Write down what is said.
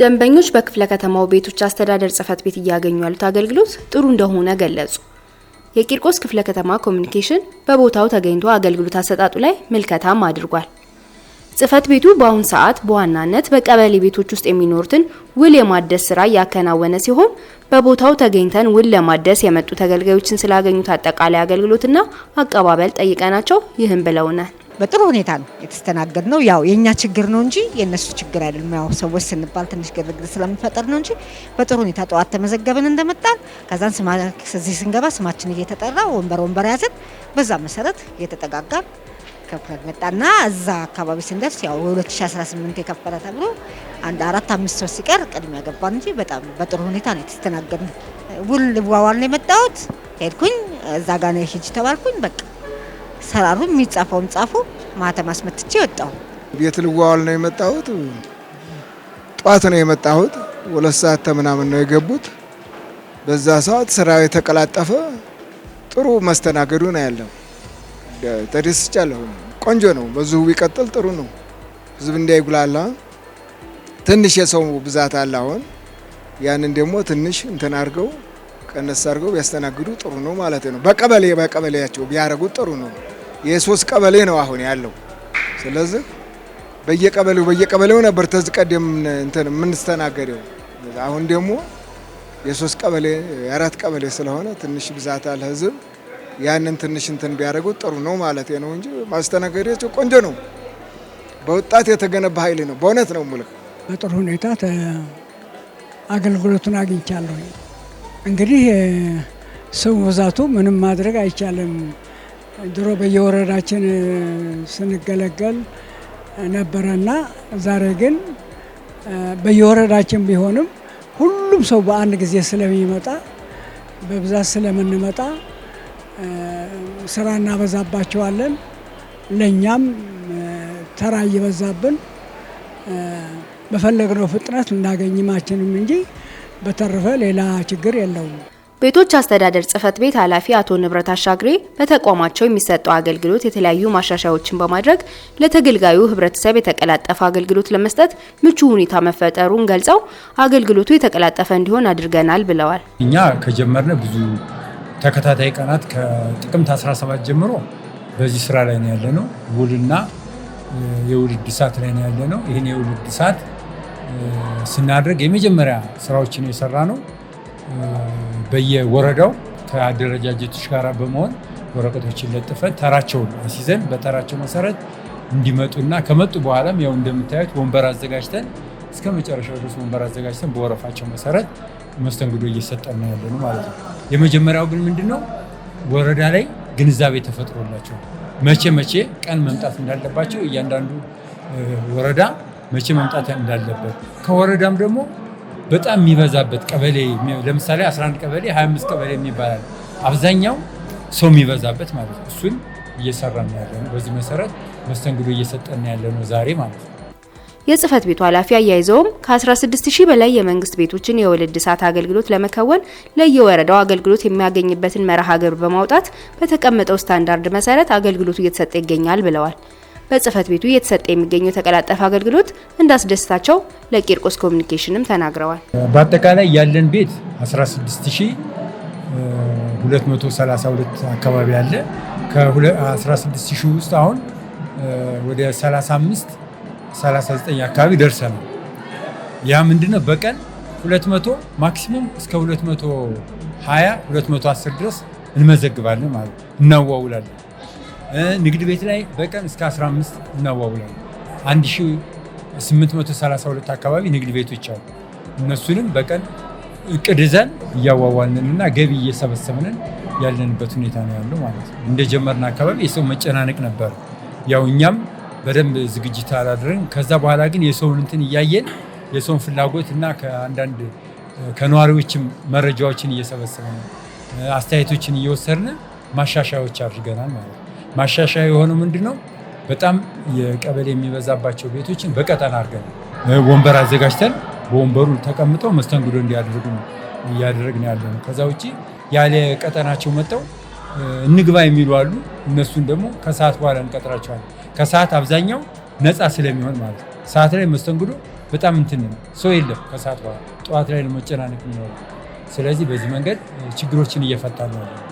ደንበኞች በክፍለ ከተማው ቤቶች አስተዳደር ጽህፈት ቤት እያገኙ ያሉት አገልግሎት ጥሩ እንደሆነ ገለጹ። የቂርቆስ ክፍለ ከተማ ኮሚኒኬሽን በቦታው ተገኝቶ አገልግሎት አሰጣጡ ላይ ምልከታም አድርጓል። ጽህፈት ቤቱ በአሁን ሰዓት በዋናነት በቀበሌ ቤቶች ውስጥ የሚኖሩትን ውል የማደስ ስራ እያከናወነ ሲሆን በቦታው ተገኝተን ውል ለማደስ የመጡ ተገልጋዮችን ስላገኙት አጠቃላይ አገልግሎትና አቀባበል ጠይቀናቸው ይህን ብለውናል። በጥሩ ሁኔታ ነው የተስተናገድ ነው። ያው የእኛ ችግር ነው እንጂ የእነሱ ችግር አይደለም። ያው ሰዎች ስንባል ትንሽ ግርግር ስለምፈጠር ነው እንጂ በጥሩ ሁኔታ ጠዋት ተመዘገብን እንደመጣን። ከዛን እዚህ ስንገባ ስማችን እየተጠራ ወንበር ወንበር ያዘን። በዛ መሰረት እየተጠጋጋን ከፍለን መጣና እዛ አካባቢ ስንደርስ ያው 2018 የከፈለ ተብሎ አንድ አራት አምስት ሰው ሲቀር ቅድሚያ ገባን እንጂ በጣም በጥሩ ሁኔታ ነው የተስተናገድ ነው። ውል ዋዋል ነው የመጣሁት ሄድኩኝ እዛ ጋ ነው ሂጅ ተባልኩኝ በቃ ሰራሩ የሚጻፈውን ጻፉ ማህተም አስመትቼ ወጣሁ። ቤት ልዋዋል ነው የመጣሁት። ጧት ነው የመጣሁት። ሁለት ሰዓት ተምናምን ነው የገቡት። በዛ ሰዓት ስራ የተቀላጠፈ ጥሩ መስተናገዱ ነው ያለው። ተደስቻለሁ። ቆንጆ ነው። በዚሁ ቢቀጥል ጥሩ ነው። ህዝብ እንዳይጉላላ ትንሽ የሰው ብዛት አለ አሁን ያንን ደግሞ ትንሽ እንትን አድርገው ቀነስ አድርገው ቢያስተናግዱ ጥሩ ነው ማለት ነው። በቀበሌ በቀበሌያቸው ቢያደርጉት ጥሩ ነው። የሶስት ቀበሌ ነው አሁን ያለው። ስለዚህ በየቀበሌው በየቀበሌው ነበር ተዝ ቀደም እንትን የምንስተናገደው። አሁን ደግሞ የሶስት ቀበሌ የአራት ቀበሌ ስለሆነ ትንሽ ብዛት አለ ህዝብ። ያንን ትንሽ እንትን ቢያደርጉት ጥሩ ነው ማለት ነው እንጂ ማስተናገዳቸው ቆንጆ ነው። በወጣት የተገነባ ኃይል ነው። በእውነት ነው ሙልክ በጥሩ ሁኔታ አገልግሎቱን አግኝቻለሁ። እንግዲህ ሰው ብዛቱ ምንም ማድረግ አይቻልም። ድሮ በየወረዳችን ስንገለገል ነበረና ዛሬ ግን በየወረዳችን ቢሆንም ሁሉም ሰው በአንድ ጊዜ ስለሚመጣ በብዛት ስለምንመጣ ስራ እናበዛባቸዋለን። ለእኛም ተራ እየበዛብን በፈለግነው ፍጥነት እናገኝማችንም እንጂ በተረፈ ሌላ ችግር የለውም። ቤቶች አስተዳደር ጽህፈት ቤት ኃላፊ አቶ ንብረት አሻግሬ በተቋማቸው የሚሰጠው አገልግሎት የተለያዩ ማሻሻያዎችን በማድረግ ለተገልጋዩ ህብረተሰብ የተቀላጠፈ አገልግሎት ለመስጠት ምቹ ሁኔታ መፈጠሩን ገልጸው አገልግሎቱ የተቀላጠፈ እንዲሆን አድርገናል ብለዋል። እኛ ከጀመርነ ብዙ ተከታታይ ቀናት ከጥቅምት 17 ጀምሮ በዚህ ስራ ላይ ነው ያለ ነው። ውልና የውልድ ሰዓት ላይ ነው ያለ ነው። ይህን የውልድ ሰዓት ስናደርግ የመጀመሪያ ስራዎችን የሰራ ነው በየወረዳው ከአደረጃጀቶች ጋር በመሆን ወረቀቶችን ለጥፈን ተራቸውን አስይዘን በተራቸው መሰረት እንዲመጡና ከመጡ በኋላም ያው እንደምታዩት ወንበር አዘጋጅተን እስከ መጨረሻው ድረስ ወንበር አዘጋጅተን በወረፋቸው መሰረት መስተንግዶ እየሰጠን ነው ያለነው ማለት ነው። የመጀመሪያው ግን ምንድን ነው ወረዳ ላይ ግንዛቤ ተፈጥሮላቸው መቼ መቼ ቀን መምጣት እንዳለባቸው እያንዳንዱ ወረዳ መቼ መምጣት እንዳለበት ከወረዳም ደግሞ በጣም የሚበዛበት ቀበሌ ለምሳሌ 11 ቀበሌ 25 ቀበሌ የሚባላል አብዛኛው ሰው የሚበዛበት ማለት ነው። እሱን እየሰራ ያለ ነው። በዚህ መሰረት መስተንግዶ እየሰጠን ያለ ነው ዛሬ ማለት ነው። የጽህፈት ቤቱ ኃላፊ አያይዘውም ከ16 ሺህ በላይ የመንግስት ቤቶችን የወለድ እሳት አገልግሎት ለመከወን ለየወረዳው አገልግሎት የሚያገኝበትን መርሃ ግብር በማውጣት በተቀመጠው ስታንዳርድ መሰረት አገልግሎቱ እየተሰጠ ይገኛል ብለዋል። በጽህፈት ቤቱ እየተሰጠ የሚገኘው የተቀላጠፈ አገልግሎት እንዳስደስታቸው ለቂርቆስ ኮሚኒኬሽንም ተናግረዋል። በአጠቃላይ ያለን ቤት 16232 አካባቢ አለ። ከ16000 ውስጥ አሁን ወደ 35 39 አካባቢ ደርሰናል። ያ ምንድነው በቀን 200 ማክሲመም እስከ 220 210 ድረስ እንመዘግባለን ማለት እናዋውላለን። ንግድ ቤት ላይ በቀን እስከ 15 እናዋውላል። 1832 አካባቢ ንግድ ቤቶች አሉ። እነሱንም በቀን እቅድ ይዘን እያዋዋልንን እና ገቢ እየሰበሰብንን ያለንበት ሁኔታ ነው ያለው ማለት ነው። እንደጀመርን አካባቢ የሰው መጨናነቅ ነበር። ያው እኛም በደንብ ዝግጅት አላደረግን። ከዛ በኋላ ግን የሰውን እንትን እያየን የሰውን ፍላጎት እና ከአንዳንድ ከነዋሪዎችም መረጃዎችን እየሰበሰብን አስተያየቶችን እየወሰድን ማሻሻያዎች አድርገናል ማለት ነው። ማሻሻያ የሆነው ምንድን ነው? በጣም የቀበሌ የሚበዛባቸው ቤቶችን በቀጠና አድርገን ወንበር አዘጋጅተን በወንበሩ ተቀምጠው መስተንግዶ እንዲያደርጉ እያደረግን ያለ ነው። ከዛ ውጭ ያለ ቀጠናቸው መጥተው እንግባ የሚሉ አሉ። እነሱን ደግሞ ከሰዓት በኋላ እንቀጥራቸዋለን። ከሰዓት አብዛኛው ነፃ ስለሚሆን ማለት ነው። ሰዓት ላይ መስተንግዶ በጣም እንትን ነው፣ ሰው የለም። ከሰዓት በኋላ ጠዋት ላይ ለመጨናነቅ የሚኖሩ ስለዚህ በዚህ መንገድ ችግሮችን እየፈታ ነው።